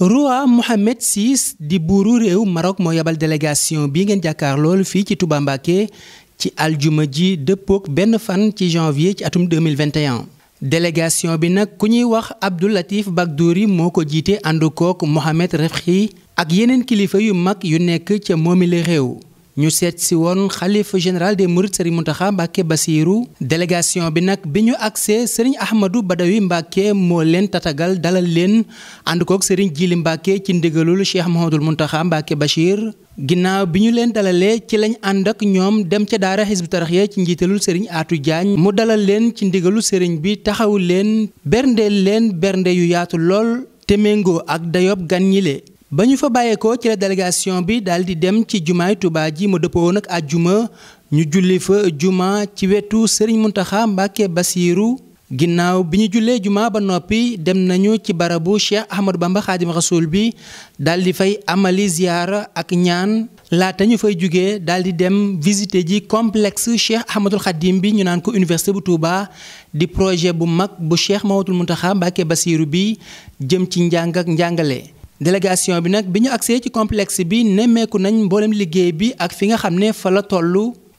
roi Mohamed VI di buuru réew Maroc moo yabal délégation bi ngeen jàkkaar loolu fii ci Touba ci aljuma ji dëppook benn fan ci janvier ci atum 2021 délégation bi nag ku ñuy wax Abdou Latif Bagdouri moo ko jiite ànd kook Mohamed Refki ak yeneen kilifa yu mag yu nekk ca moomile réew ñu seet si woon xalifa général de mourides Serigne Mountakha Mbacké Bassirou délégation bi nag bi ñu agsee Serigne Ahmadou Badawi Mbacké moo leen tatagal dalal leen ànd koog Serigne Djili Mbacké ci ndigalul Cheikh Mouhamadoul Mountakha Mbacké Bachir ginnaaw bi ñu leen dalalee ci lañ ànd ak ñoom dem ca daara Hizbut Tarqiyyah ci njiitalul Serigne aatu Diagne mu dalal leen ci ndigalu Serigne bi taxawu leen berndeel leen bernde yu yaatu lool te méngoo ak dayob gan ñile ba ñu fa bàyyeekoo ci la délégation bi daal di dem ci jumaay Touba ji mu dëppoo nag àjjuma ñu julli fa juma ci wetu Serigne Mountakha Mbacké Bassirou ginnaaw bi ñu jullee juma ba noppi dem nañu ci barabu Cheikh Ahmadou Bamba Khadim Rasoul bi daal di fay amali ziyaara ak ñaan laata ñu fay jóge daal di dem visiter ji complexe Cheikh Ahmadul Khadim bi ñu naan ko université bu Touba di projet bu mag bu Cheikh Mahamadou Mountakha Mbacké Bassirou bi jëm ci njàng njàngale délégation bi nag bi ñu agsee ci complexe bi nemmeeku nañ mboolem liggéey bi ak fi nga xam ne fa la toll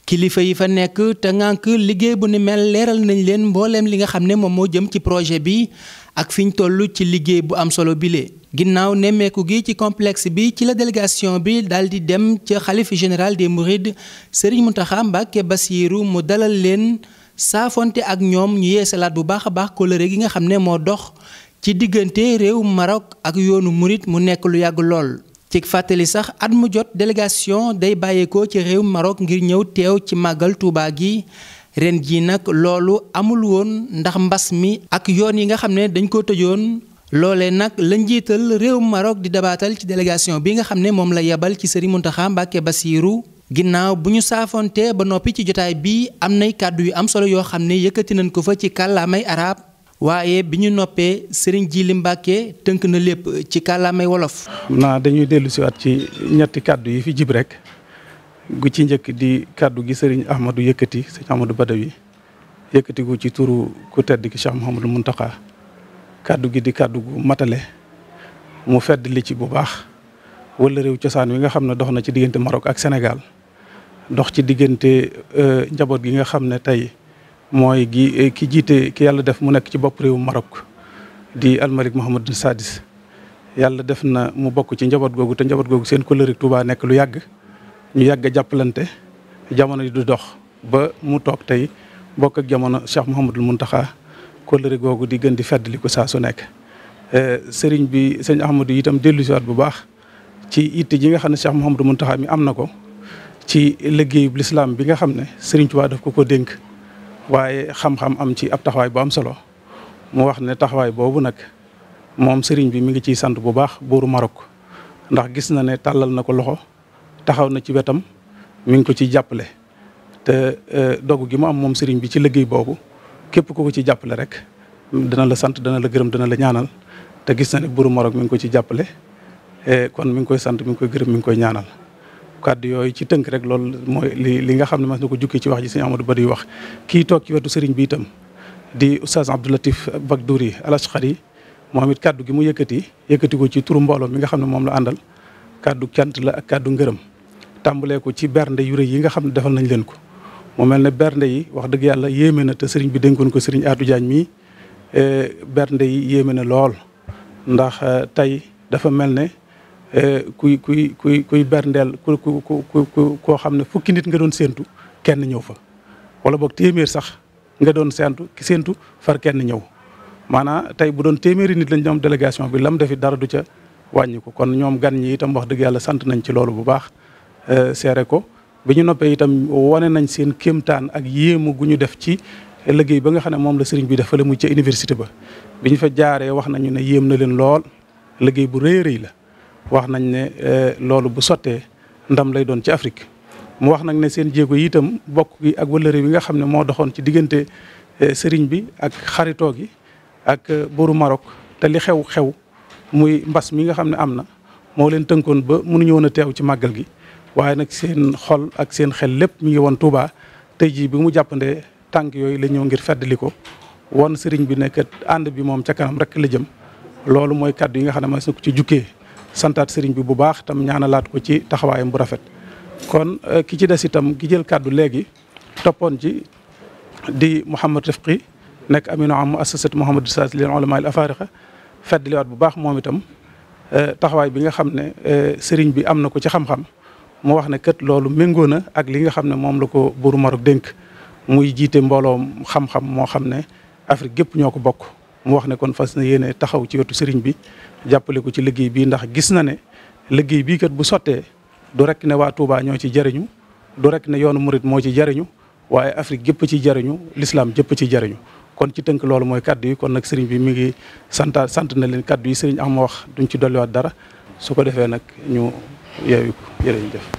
kilifa yi fa nekk te ngànk liggéey bu ni mel leeral nañ leen mbooleem li nga xam ne moom moo jëm ci projet bi ak fi ñu toll ci liggéey bu am solo bile. ginnaaw nemmeeku gi ci complexe bi ci la délégation bi daal di dem ca xalifa général des Mourides Serigne Mountakha Mbacké Bassirou mu dalal leen saafonte ak ñoom ñu yeesalaat bu baax a baax kóllëre gi nga xam ne moo dox. ci diggante réew Maroc ak yoonu murit mu nekk lu yàgg lool ci fàttali sax at mu jot délégation day bàyyeekoo ci réew Maroc ngir ñëw teew ci màggal Touba gi ren jii nag loolu amul woon ndax mbas mi ak yoon yi nga xam ne dañ ko tëjoon loolee nag la njiital réew Maroc di dabaatal ci délégation bi nga xam ne moom la yebal ci Serigne Mountakha Mbacké Bassirou ginnaaw bu ñu saafonte ba noppi ci jotaay bi am nay kàddu yu am solo yoo xam ne yëkkati nañ ko fa ci kàllaamay arab waaye bi ñu noppee sëriñ li Mbàkke tënk na lépp ci kàllaamay wolof. naa dañuy dellu si waat ci ñetti kàddu yi fi jib rek gu ci njëkk di kàddu gi sëriñ Ahmadou yëkkati sëñ Ahmadou Badawi yëkkati gu ci turu ku tedd ki Cheikh Mouhamadou Mountakha kàddu gi di kàddu gu matale mu fedd li ci bu baax wala réew cosaan wi nga xam ne dox na ci diggante Maroc ak senegal dox ci diggante euh, njaboot gi nga xam ne tey. mooy gi eh, ki jiite ki yàlla def mu nekk ci bopp réewu Maroc di almalik Mouhamadou Sadis yàlla def na mu bokk ci njaboot googu te njaboot googu seen kóllëre Touba nekk lu yàgg ñu yàgg a jàppalante jamono yi du dox ba mu toog tey bokk ak jamono Cheikh Mouhamadul Mountakha kóllëre googu di gën di feddali ko saa su nekk. Eh, sëriñ bi sëñ Ahmadou itam dellu si waat bu baax ci itte ji nga xam ne Cheikh Mouhamadul Mountakha mi am na ko ci liggéeyub lislaam bi nga xam ne sëriñ Touba daf ko dénk. waaye xam-xam am ci ab taxawaay bu am solo mu wax ne taxawaay boobu nag moom sëriñ bi mi ngi ciy sant bu baax buuru Marok ndax gis na ne tàllal na ko loxo taxaw na ci wetam mi ngi ko ciy jàppale. te e, dogu gi mu am moom sëriñ bi ci liggéey boobu képp ku ko ci jàppale rek dana la sant dana la gërëm dana la ñaanal te gis na ne buuru Marok mi ngi ko ci jàppale e, kon mu ngi koy sant mu ngi koy gërëm mi ngi koy ñaanal. kàddu yooyu ci tënk rek loolu mooy li nga xam ne mas na ko jukki ci wax ji sëñ Amadou Bari wax kii toog ci wetu sëriñ bi itam di oustaz Abdou Latif Bagdouri moom it kàddu gi mu yëkkati yëkkati ko ci turu mbooloo mi nga xam ne moom la àndal kàddu cant la ak kàddu ngërëm tàmbalee ko ci bernde yu rëy yi nga xam ne defal nañ leen ko mu mel ne bernde yi wax dëgg yàlla yéeme na te sëriñ bi dénkoon ko sëriñ Atou Diagne mii eh, bernde yi yéeme na lool ndax eh, tey Euh, kuy kuy kuy kuy berndeel ku ku ku koo xam ne fukki nit nga doon séentu kenn ñëw fa wala boog téeméer sax nga doon séentu ki séentu far kenn ñëw maanaam tey bu doon téeméeri nit lañ ñoom délégation bi lam defi dara du ca wàññi ko kon ñoom gan ñi itam wax dëgg yàlla sant nañ ci loolu bu baax euh, seere ko bi ñu noppee itam wane nañ seen kéemtaan ak yéem gu ñu def ci liggéey ba nga xam ne moom la sëriñ bi def fële muy ca université ba bi ñu fa jaaree wax nañu ne yéem na leen lool liggéey bu rëy la wax nañ ne euh, loolu bu sottee ndam lay doon ci Afrique mu wax nañ ne seen jéego yi itam bokk gi ak wëllëre bi nga xam ne moo doxoon ci diggante euh, sëriñ bi ak xaritoo gi ak euh, buuru Maroc te li xew-xew muy mbas mi nga xam ne am na moo leen tënkoon ba mënuñu woon a teew ci màggal gi waaye nag seen xol ak seen xel lépp mu ngi woon Touba tey jii bi mu jàppandee tànk yooyu la ñëw ngir feddali ko won sëriñ bi nekk ànd bi moom ca kanam rek la jëm loolu mooy kàddu yi nga xam ne mas na ci jukkee santaat sëriñ bi bu baax tam ñaanalaat ko ci taxawaayam bu rafet kon euh, ki ci des itam ki jël kàddu léegi toppoon ci di Mouhamad Rifqi nekk aminu am muassasat Mouhamad Saas lil ulama al afariqa feddliwaat bu baax moom itam euh, taxawaay bi nga xam ne euh, sëriñ bi am na ko ci xam-xam mu wax ne kët loolu méngoo na ak li nga xam ne moom la ko buuru Marok dénk muy jiite mbooloom xam-xam moo xam ne Afrique gépp ñoo ko bokk mu wax ne kon fas na yéene taxaw ci wetu sëriñ bi jàppale ko ci liggéey bi ndax gis na ne liggéey bii kat bu sottee du rek ne waa Touba ñoo ci jariñu du rek ne yoonu murit moo ci jariñu waaye Afrique gépp ci jariñu lislaam jëpp ci jariñu kon ci tënk loolu mooy kàddu yi kon nag sëriñ bi mi ngi santa sant na leen kàddu yi sëriñ am wax duñ ci dolliwaat dara su ko defee nag ñu yeewi ko jërëjëf